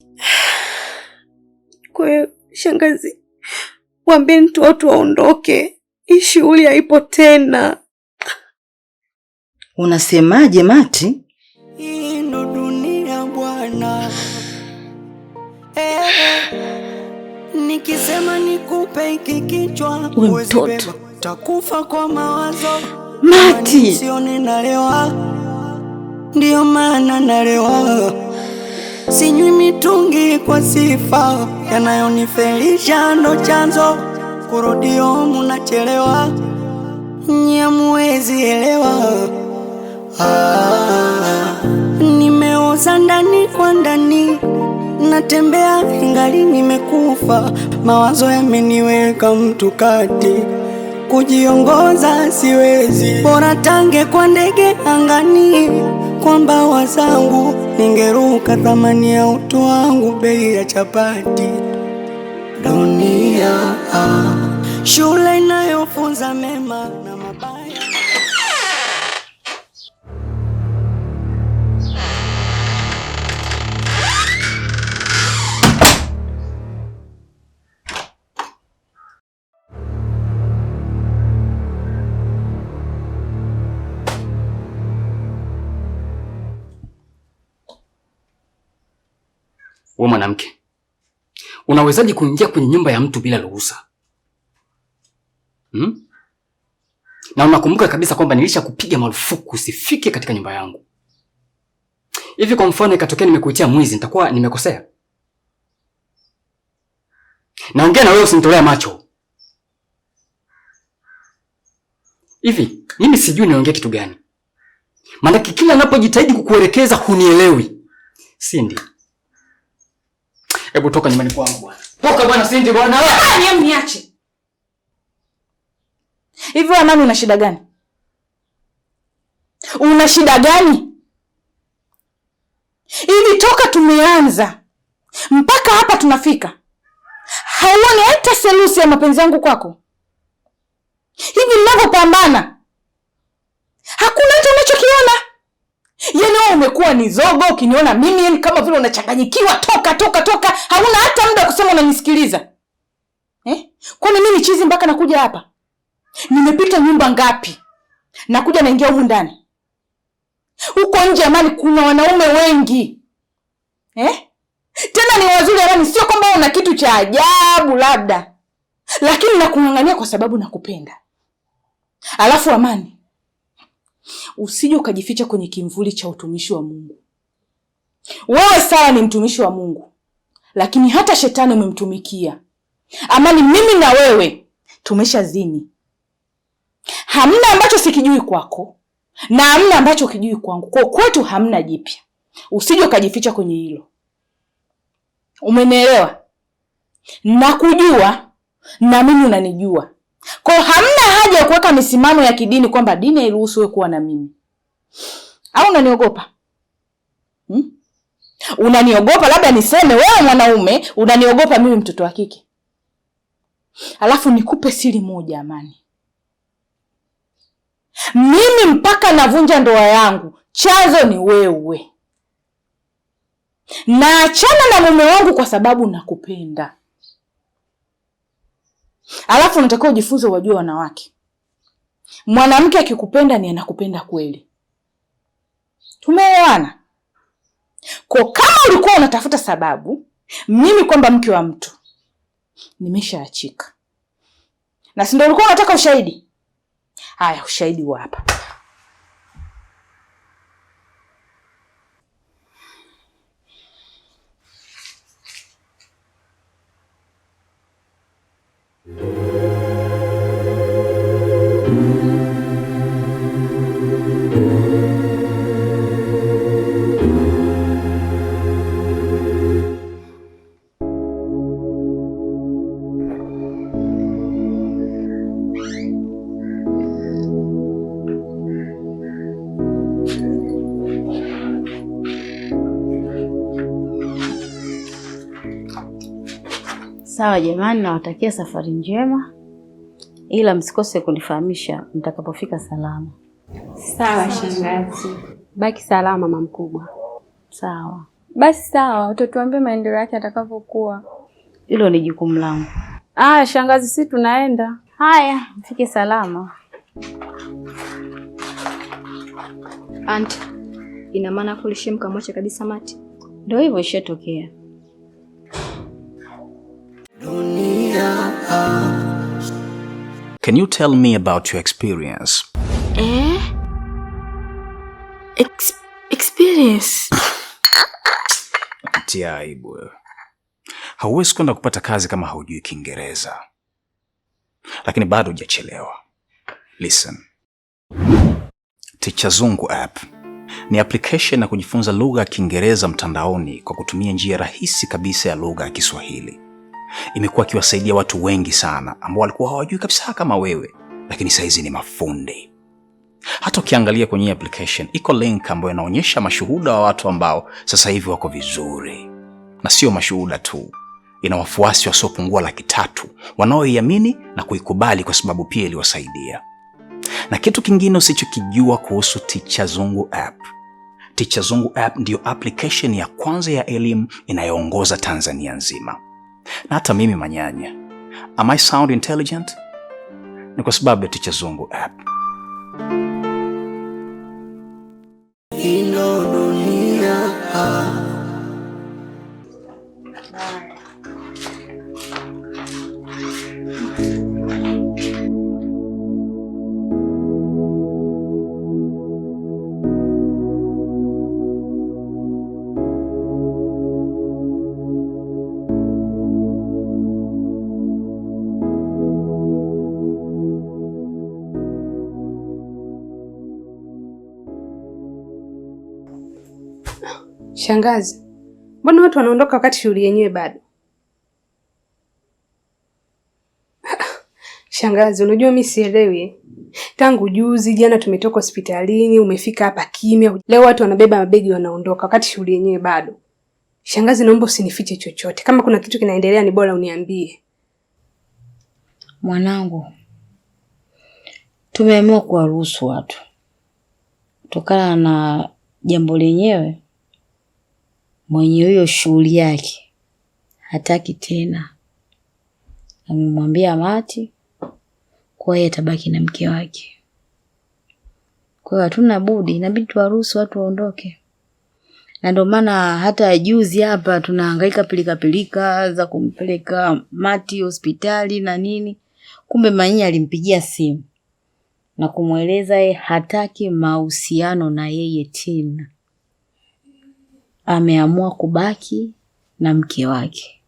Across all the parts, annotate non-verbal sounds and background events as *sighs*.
*sighs* Kwa hiyo shangazi, waambieni tu watu waondoke, hii shughuli haipo tena. Unasemaje Mati? Hii ndo dunia bwana. Eh, nikisema nikupe hiki kichwa mtoto takufa kwa mawazo. Mati, sioni nalewa, ndio maana nalewa sinywi mitungi kwa sifa, yanayonifelisha ndo chanzo, kurudio munachelewa, nye muwezi elewa. Ah, nimeoza ndani kwa ndani, natembea ingali nimekufa, mawazo yameniweka mtu kati kujiongoza siwezi, bora tange kwa ndege angani kwamba wazangu ningeruka thamani ya utu wangu, bei ya chapati. Dunia ah, shule inayofunza mema we mwanamke, unawezaje kuingia kwenye nyumba ya mtu bila ruhusa hmm? Na unakumbuka kabisa kwamba nilisha kupiga marufuku usifike katika nyumba yangu. Hivi kwa mfano ikatokea nimekuitia mwizi, nitakuwa nimekosea? Naongea na wewe usinitolea macho. Hivi mimi sijui niongee kitu gani, maanake kila napojitahidi kukuelekeza hunielewi, si ndio? Hebu toka nyumbani kwangu bwana. Toka bwana Sindi bwana. Ah, niache niache. Hivi Amani una shida gani? Una shida gani? Hivi toka tumeanza mpaka hapa tunafika, hauoni hata selusi ya mapenzi yangu kwako? Hivi ninavyopambana hakuna umekuwa ni zogo. Ukiniona mimi kama vile unachanganyikiwa, toka toka toka, hauna hata muda kusema unanisikiliza eh? Kwani mimi chizi mpaka nakuja hapa? Nimepita nyumba ngapi? Nakuja naingia humu ndani, huko nje amani, kuna wanaume wengi eh? Tena ni wazuri amani, sio kwamba una kitu cha ajabu labda, lakini nakung'ang'ania kwa sababu nakupenda. Alafu amani Usije ukajificha kwenye kimvuli cha utumishi wa Mungu. Wewe Sara ni mtumishi wa Mungu, lakini hata shetani umemtumikia. Amani, mimi na wewe tumesha zini Hamna ambacho sikijui kwako na hamna ambacho kijui kwangu, kwa kwetu hamna jipya. Usije ukajificha kwenye hilo, umenielewa? Nakujua na mimi unanijua kwa hamna haja ya kuweka misimamo ya kidini kwamba dini hairuhusu wewe kuwa na mimi. Au unaniogopa? Hmm? Unaniogopa labda niseme wewe mwanaume unaniogopa mimi mtoto wa kike. Alafu nikupe siri moja amani. Mimi mpaka navunja ndoa yangu, chanzo ni wewe. Naachana na mume wangu kwa sababu nakupenda. Alafu unatakiwa ujifunze uwajue wanawake. Mwanamke akikupenda ni anakupenda kweli. Tumeelewana? Kwa kama ulikuwa unatafuta sababu mimi kwamba mke wa mtu nimeshaachika, na si ndio ulikuwa unataka ushahidi? Haya, ushahidi wa hapa. Sawa jamani, nawatakia safari njema, ila msikose kunifahamisha mtakapofika salama. Sawa shangazi, baki salama mama mkubwa. Sawa basi, sawa, utatuambia maendeleo yake atakavyokuwa. Hilo ni jukumu langu. Aya shangazi, si tunaenda? Haya, mfike salama. Anti, ina maana kulishe mkamwacha kabisa Mati? Ndio hivyo, ishatokea Can you tell me about your experience? Eh? Ex experience? *coughs* Tia aibu Hauwezi kwenda kupata kazi kama haujui Kiingereza, lakini bado hujachelewa. Listen. Ticha Zungu app ni application ya kujifunza lugha ya Kiingereza mtandaoni kwa kutumia njia rahisi kabisa ya lugha ya Kiswahili imekuwa ikiwasaidia watu wengi sana ambao walikuwa hawajui kabisa kama wewe, lakini sahizi ni mafundi. Hata ukiangalia kwenye application iko link ambayo inaonyesha mashuhuda wa watu ambao sasa hivi wako vizuri, na sio mashuhuda tu, ina wafuasi wasiopungua laki tatu wanaoiamini na kuikubali kwa sababu pia iliwasaidia. Na kitu kingine usichokijua kuhusu Ticha Zungu app Ticha Zungu app ndiyo application ya kwanza ya elimu inayoongoza Tanzania nzima na hata mimi manyanya. Am I sound intelligent? Ni kwa sababu ya Ticha Zungu app. Shangazi, mbona watu wanaondoka wakati shughuli yenyewe bado? *clears throat* Shangazi, unajua mi sielewi. Tangu juzi jana tumetoka hospitalini, umefika hapa kimya, leo watu wanabeba mabegi wanaondoka wakati shughuli yenyewe bado. Shangazi, naomba usinifiche chochote, kama kuna kitu kinaendelea ni bora uniambie. Mwanangu, tumeamua kuwaruhusu watu kutokana na jambo lenyewe mwenye hiyo shughuli yake hataki tena. Amemwambia Mati kwa yeye atabaki na mke wake, kwa hiyo hatuna budi, inabidi tuwaruhusu watu waondoke. Na ndio maana hata juzi hapa tunahangaika pilika pilika za kumpeleka Mati hospitali na nini, kumbe Manyi alimpigia simu na kumweleza yeye hataki mahusiano na yeye tena ameamua kubaki na mke wake.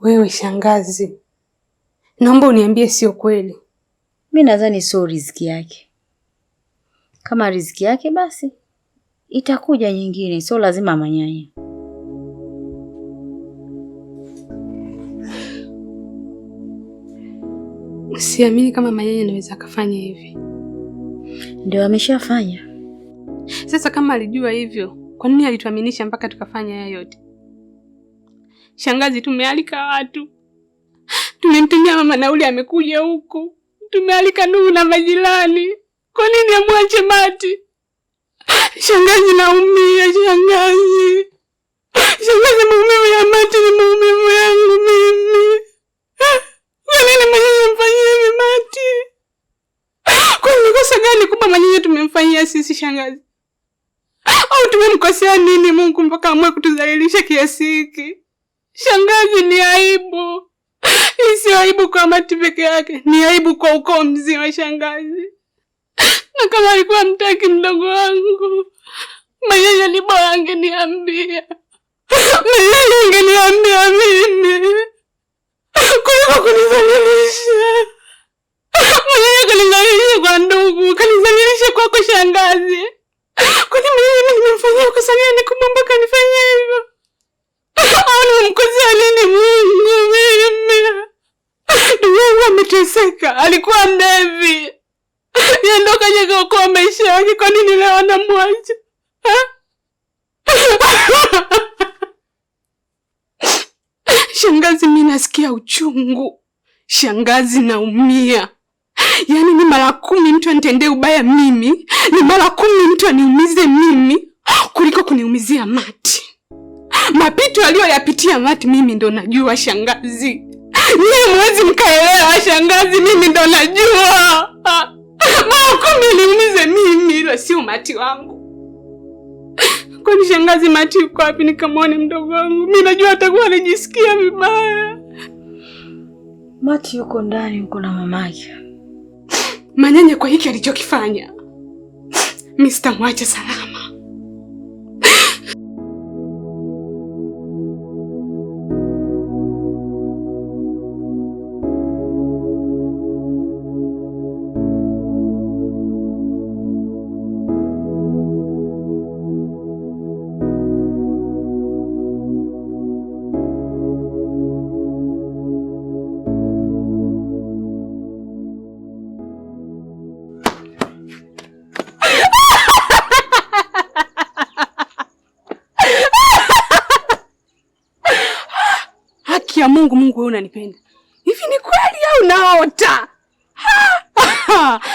Wewe shangazi, naomba uniambie sio kweli. Mi nadhani sio riziki yake. Kama riziki yake basi itakuja nyingine, sio lazima manyanya. Siamini kama manyanya anaweza akafanya hivi. Ndio ameshafanya. Sasa kama alijua hivyo kwa nini alituaminisha mpaka tukafanya haya yote? Shangazi, tumealika watu, tumemtumia mama nauli, amekuja huku, tumealika ndugu na majirani. Kwa nini amwache Mati? Shangazi, naumia shangazi. Shangazi, maumivu ya Mati ni maumivu yangu mimi. Kwa nini mwenyewe mfanyia hivi Mati? Kwa nini kosa gani kubwa mwenyewe tumemfanyia sisi shangazi? au tumemkosea nini Mungu mpaka amwe kutudhalilisha kiasi hiki? Shangazi, ni aibu. Isiyo aibu kwa Mati peke yake, ni aibu kwa ukoo mzima shangazi. Na kama alikuwa mtaki mdogo wangu Mayaya, ni bora angeniambia. Mayeye angeniambia mimi kuliko kunizalilisha. Mayeye kanizalilisha kwa ndugu, kanizalilisha kwako shangazi. *laughs* Kwani mimi nimemfanyia kosa gani kumwomba kanifanyia hivyo? *laughs* Au nimemkosea nini Mungu mimi? Ndugu ameteseka, alikuwa mlevi. *laughs* Yeye ndo kaja kuokoa maisha yake, kwa nini leo anamwacha? Shangazi, mimi nasikia uchungu. Shangazi, naumia. Yaani ni mara kumi mtu anitendee ubaya mimi, ni mara kumi mtu aniumize mimi kuliko kuniumizia Mati. Mapito aliyoyapitia Mati mimi ndo najua shangazi. Mimi mwezi mkaelewa shangazi, mimi ndo najua mara kumi aniumize mimi, ila sio Mati wangu. Kwani shangazi, Mati yuko wapi nikamwone mdogo wangu? Mi najua atakuwa anijisikia vibaya. Mati yuko ndani huko na mamake kwa hiki alichokifanya. Mimi sitamwacha salama.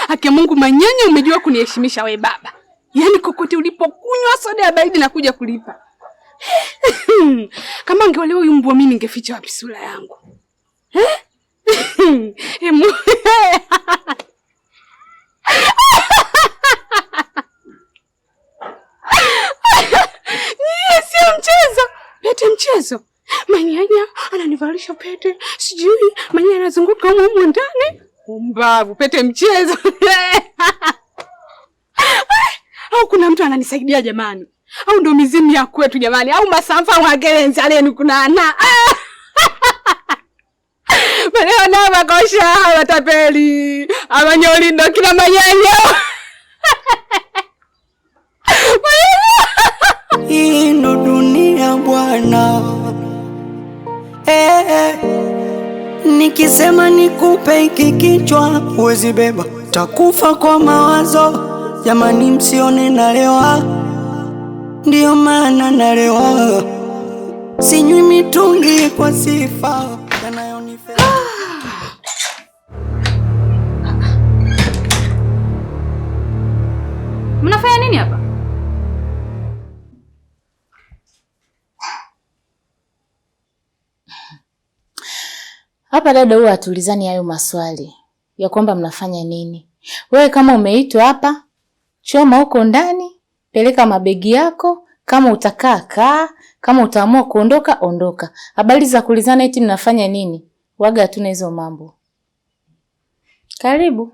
Hake Mungu manyanya, umejua kuniheshimisha we baba. Yaani kokote ulipokunywa soda ya baridi na kuja kulipa. *laughs* Kama angeolewa huyu mbwa mimi ningeficha wapi sura yangu? nyie eh? *laughs* *laughs* sio mchezo. Pete mchezo. Manyanya ananivalisha pete. Sijui manyanya anazunguka huko ndani. Pumbavu, pete mchezo *laughs* au kuna mtu ananisaidia jamani? Au ndo mizimu ya kwetu jamani? Au masamfa mwagelenzi aleni kunana *laughs* maneo makosha watapeli ndo kila manyanyo *laughs* hii ndo dunia bwana, eh. eh. Nikisema nikupe hiki kichwa huwezi beba, takufa kwa mawazo. Jamani, msione nalewa, ndiyo maana nalewa, sinywi mitungi kwa sifa yanayonifea ah. Mnafanya nini hapa? Hapa dada, huwa hatulizani hayo maswali ya kwamba mnafanya nini. Wewe kama umeitwa hapa, choma huko ndani, peleka mabegi yako. Kama utakaa kaa, kama utaamua kuondoka ondoka. Habari za kulizana eti mnafanya nini, waga, hatuna hizo mambo. Karibu.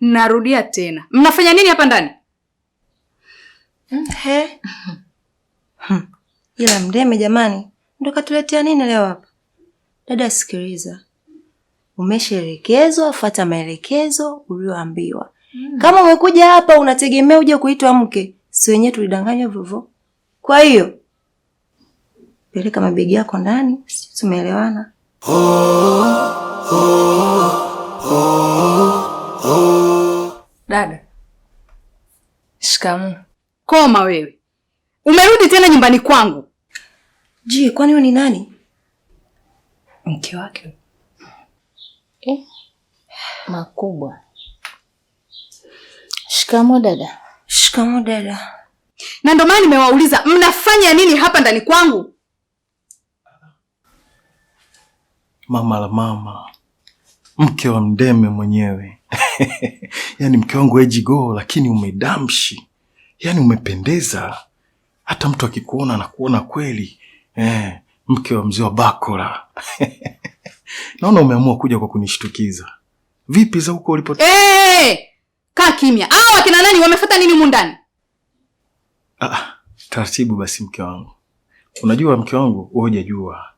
Narudia tena, mnafanya nini hapa ndani? Ila hmm. hmm. mdeme, jamani, ndo katuletea nini leo hapa? Dada sikiliza, umesherekezwa, fuata maelekezo ulioambiwa. Mm. Kama umekuja hapa unategemea uje kuitwa mke, si wenyewe tulidanganywa hivyo. Kwa hiyo peleka mabegi yako ndani, sisi tumeelewana. oh, oh, oh, oh, oh. Dada shikamu. Koma wewe, umerudi tena nyumbani kwangu? Je, kwani wewe ni nani? mke wake eh? Makubwa. Shikamo dada. Shikamo dada. Na ndio maana nimewauliza mnafanya nini hapa ndani kwangu? Mama la mama, mke wa Mdeme mwenyewe *laughs* yaani mke wangu ejigoo, lakini umedamshi, yaani umependeza, hata mtu akikuona anakuona kweli eh mke wa mzee wa Bakora. *laughs* Naona umeamua kuja kwa kunishtukiza. Vipi za huko ulipo? Hey! Eh! Kaa kimya. Hao wakina nani wamefuata nini humu ndani? Ah, taratibu basi mke wangu. Unajua mke wangu, wewe hujajua.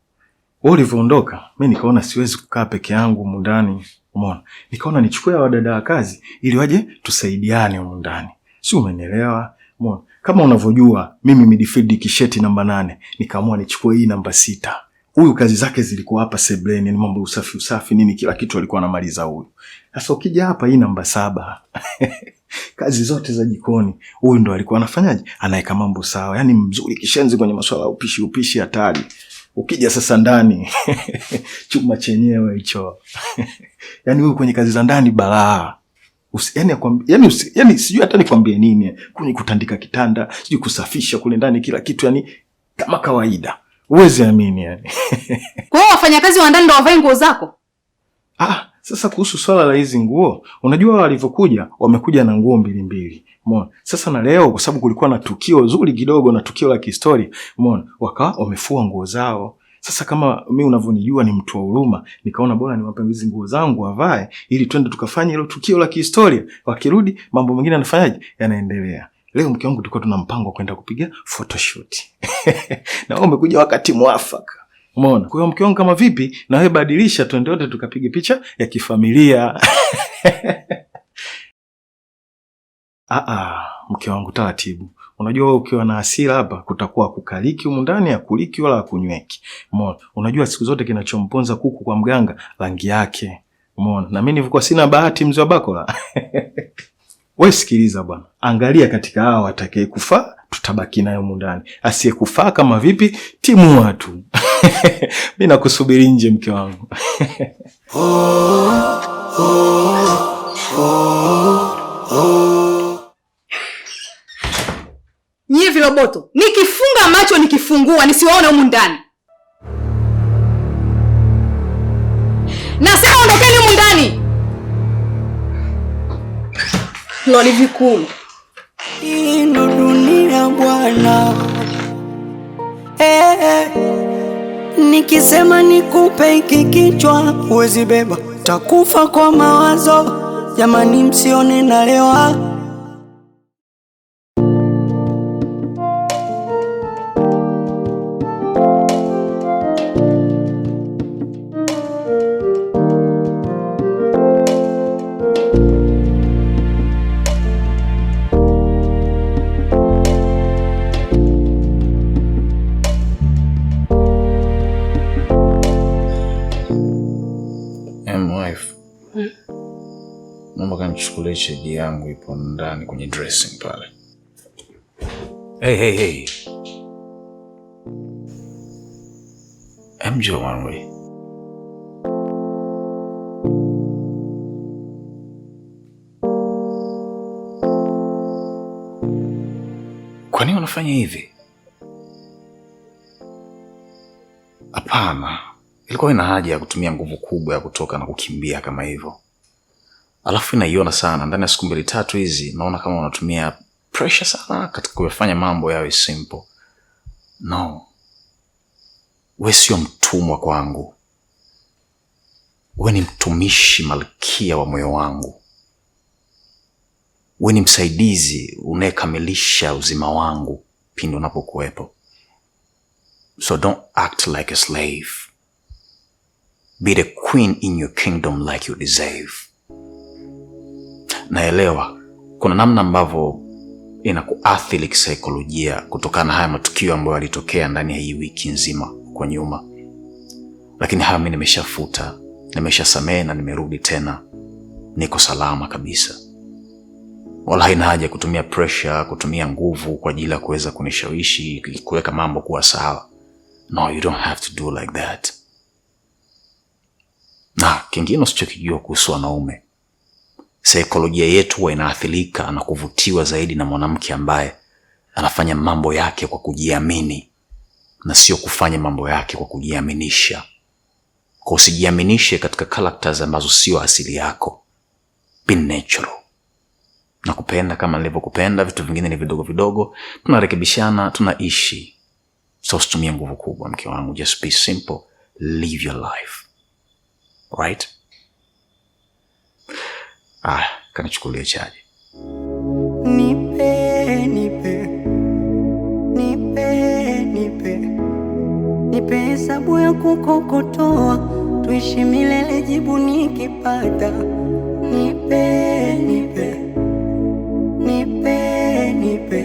Wewe ulivyoondoka, mimi nikaona siwezi kukaa peke yangu humu ndani. Umeona? Nikaona nichukue wadada wa kazi ili waje tusaidiane humu ndani. Si umenielewa? Umeona? Kama unavyojua mimi midfield kisheti namba nane, nikaamua nichukue hii namba sita. Huyu kazi zake zilikuwa hapa sebleni, ni mambo usafi usafi nini, kila kitu alikuwa anamaliza huyu. Sasa ukija hapa hii namba saba. *laughs* kazi zote za jikoni huyu ndo alikuwa anafanyaje, anaweka mambo sawa, yani mzuri, kishenzi kwenye masuala ya upishi, upishi hatari. Ukija sasa ndani *laughs* chuma chenyewe hicho *laughs* yani huyu kwenye kazi za ndani balaa yani, sijui hata nikwambie nini, kuni kutandika kitanda, sijui kusafisha kule ndani, kila kitu yani kama kawaida. Uwezi amini yani. *laughs* Kwa hiyo wafanyakazi wa ndani ndo wavae nguo zako? Ah, sasa kuhusu swala la hizi nguo, unajua walivyokuja, wamekuja na nguo mbili mbili. Umeona? Sasa na leo kwa sababu kulikuwa na tukio zuri kidogo na tukio la kihistoria, umeona? Wakawa wamefua nguo zao. Sasa kama mi unavyonijua ni mtu wa huruma, nikaona bora niwape hizi nguo zangu avae, ili twende tukafanye hilo tukio la kihistoria. Wakirudi mambo mengine anafanyaje, yanaendelea. Leo mke wangu tulikuwa tuna mpango wa kwenda kupiga photoshoot *laughs* na wewe umekuja wakati mwafaka. Umeona? Kwa hiyo mke wangu, kama vipi na wewe, badilisha twende wote tukapige picha ya kifamilia *laughs* ah, ah, mke wangu, taratibu Unajua ukiwa na hasira hapa kutakuwa kukaliki humu ndani ya kuliki wala kunyweki. Umeona? Unajua siku zote kinachomponza kuku kwa mganga rangi yake. Umeona? Na mimi nilikuwa sina bahati mzee wa Bakola. *laughs* Wewe sikiliza bwana. Angalia katika hao atakaye kufa tutabaki naye humu ndani. Asiyekufaa kama vipi timu watu. *laughs* Mimi nakusubiri nje mke wangu. *laughs* oh, oh, oh, oh. oh nyie viroboto, nikifunga macho nikifungua nisiwaone humu ndani. Nasema ondokeni humu ndani. Loli vikulu ino dunia bwana. Hey, eh, eh. hey. Nikisema nikupe iki kichwa uwezi beba, takufa kwa mawazo. Jamani, msione nalewa naomba kanichukulie cheji yangu, ipo ndani kwenye dressing pale. Hey, hey, hey. MJ one way. Kwa nini unafanya hivi? Hapana, ilikuwa ina haja ya kutumia nguvu kubwa ya kutoka na kukimbia kama hivyo alafu inaiona sana ndani ya siku mbili tatu hizi, naona kama unatumia pressure sana katika kuyafanya mambo yawe simple. No, we sio mtumwa kwangu, we ni mtumishi malkia wa moyo wangu, we ni msaidizi unayekamilisha uzima wangu pindi unapokuwepo. So don't act like a slave, be the queen in your kingdom like you deserve naelewa kuna namna ambavyo inakuathiri kisaikolojia kutokana na haya matukio ambayo yalitokea ndani ya hii wiki nzima kwa nyuma, lakini haya mimi nimeshafuta, nimeshasamehe na nimerudi tena, niko salama kabisa, wala haina haja kutumia pressure, kutumia nguvu kwa ajili ya kuweza kunishawishi kuweka mambo kuwa sawa. No, you don't have to do like that. Na kingine usichokijua kuhusu wanaume saikolojia yetu huwa inaathirika na kuvutiwa zaidi na mwanamke ambaye anafanya mambo yake kwa kujiamini na sio kufanya mambo yake kwa kujiaminisha. Kwa usijiaminishe katika characters ambazo sio asili yako, be natural. Na kupenda kama nilivyokupenda, vitu vingine ni vidogo vidogo, tunarekebishana, tunaishi. So usitumie nguvu kubwa, mke wangu, just be simple, live your life right. Ah, kanichukulie chaji. Nipe, nipe, nipe, nipe, nipe hesabu ya kukokotoa, tuishi milele, jibu nikipata. Nipe, nipe, nipe, nipe,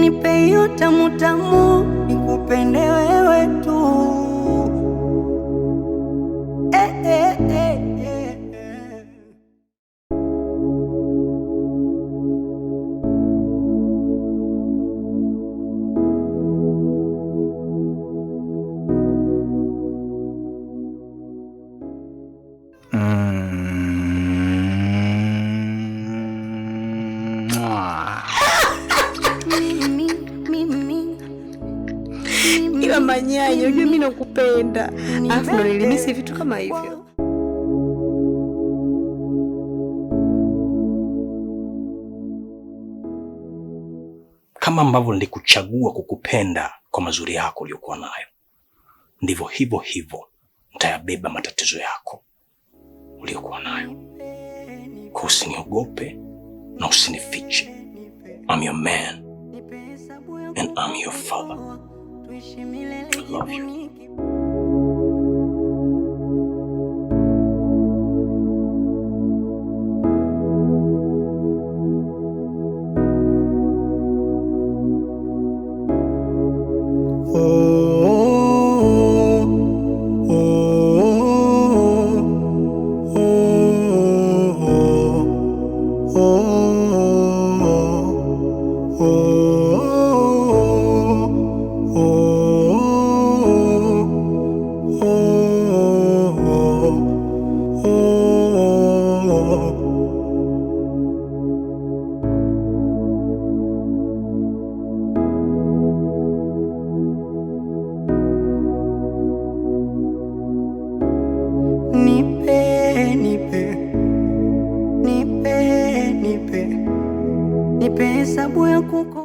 nipe hiyo tamutamu, nikupende wewe tu ila manyanya, ujue mimi nakupenda, alafu ndo vitu kama hivyo. Kama ambavyo nilikuchagua kukupenda kwa mazuri yako uliyokuwa nayo, ndivyo hivyo hivyo nitayabeba matatizo yako uliyokuwa nayo. Kwa usiniogope na usinifiche. I'm your man and I'm your father. tuishi milele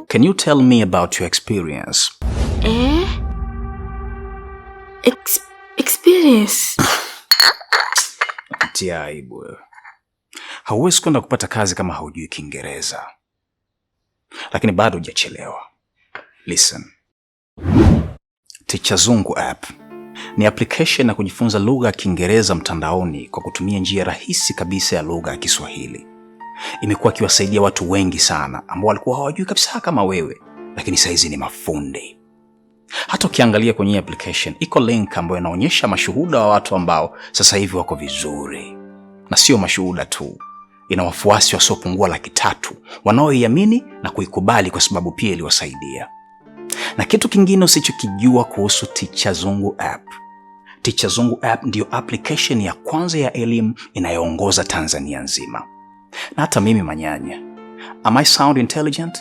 Can you tell me about your experience? Eh? Ex experience? Tia aibu Hauwezi kwenda kupata kazi kama haujui Kiingereza, lakini bado hujachelewa. Listen. Ticha Zungu app ni application ya kujifunza lugha ya Kiingereza mtandaoni kwa kutumia njia rahisi kabisa ya lugha ya Kiswahili imekuwa akiwasaidia watu wengi sana ambao walikuwa hawajui kabisa kama wewe, lakini sahizi ni mafundi. Hata ukiangalia kwenye application iko link ambayo inaonyesha mashuhuda wa watu ambao sasa hivi wako vizuri, na sio mashuhuda tu, ina wafuasi wasiopungua laki tatu wanaoiamini na kuikubali kwa sababu pia iliwasaidia. Na kitu kingine usichokijua kuhusu Ticha Zungu app Ticha Zungu app ndiyo application ya kwanza ya elimu inayoongoza Tanzania nzima na hata mimi manyanya. Am I sound intelligent?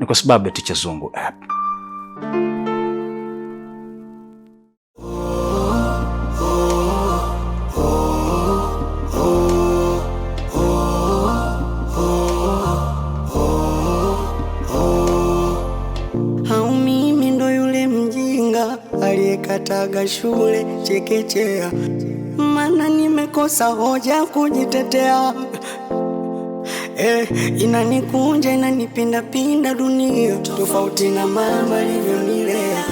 Ni kwa sababu ya Ticha Zungu app. Kataga shule chekechea, mana nimekosa hoja kujitetea eh, inanikunja inanipindapinda dunia, tofauti na mama alivyonilea,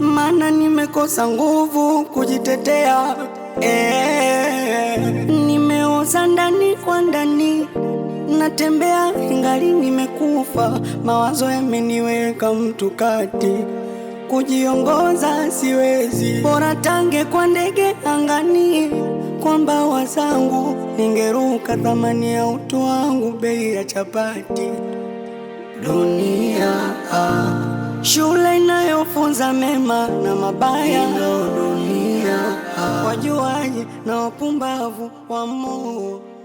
mana nimekosa nguvu kujitetea eh, nimeoza ndani kwa ndani natembea ingali nimekufa, mawazo yameniweka mtu kati, kujiongoza siwezi, bora tange kwa ndege angani kwamba wazangu, ningeruka thamani ya utu wangu, bei ya chapati. Dunia ah, shule inayofunza mema na mabaya. Dunia ah. wajuaji na wapumbavu wa moo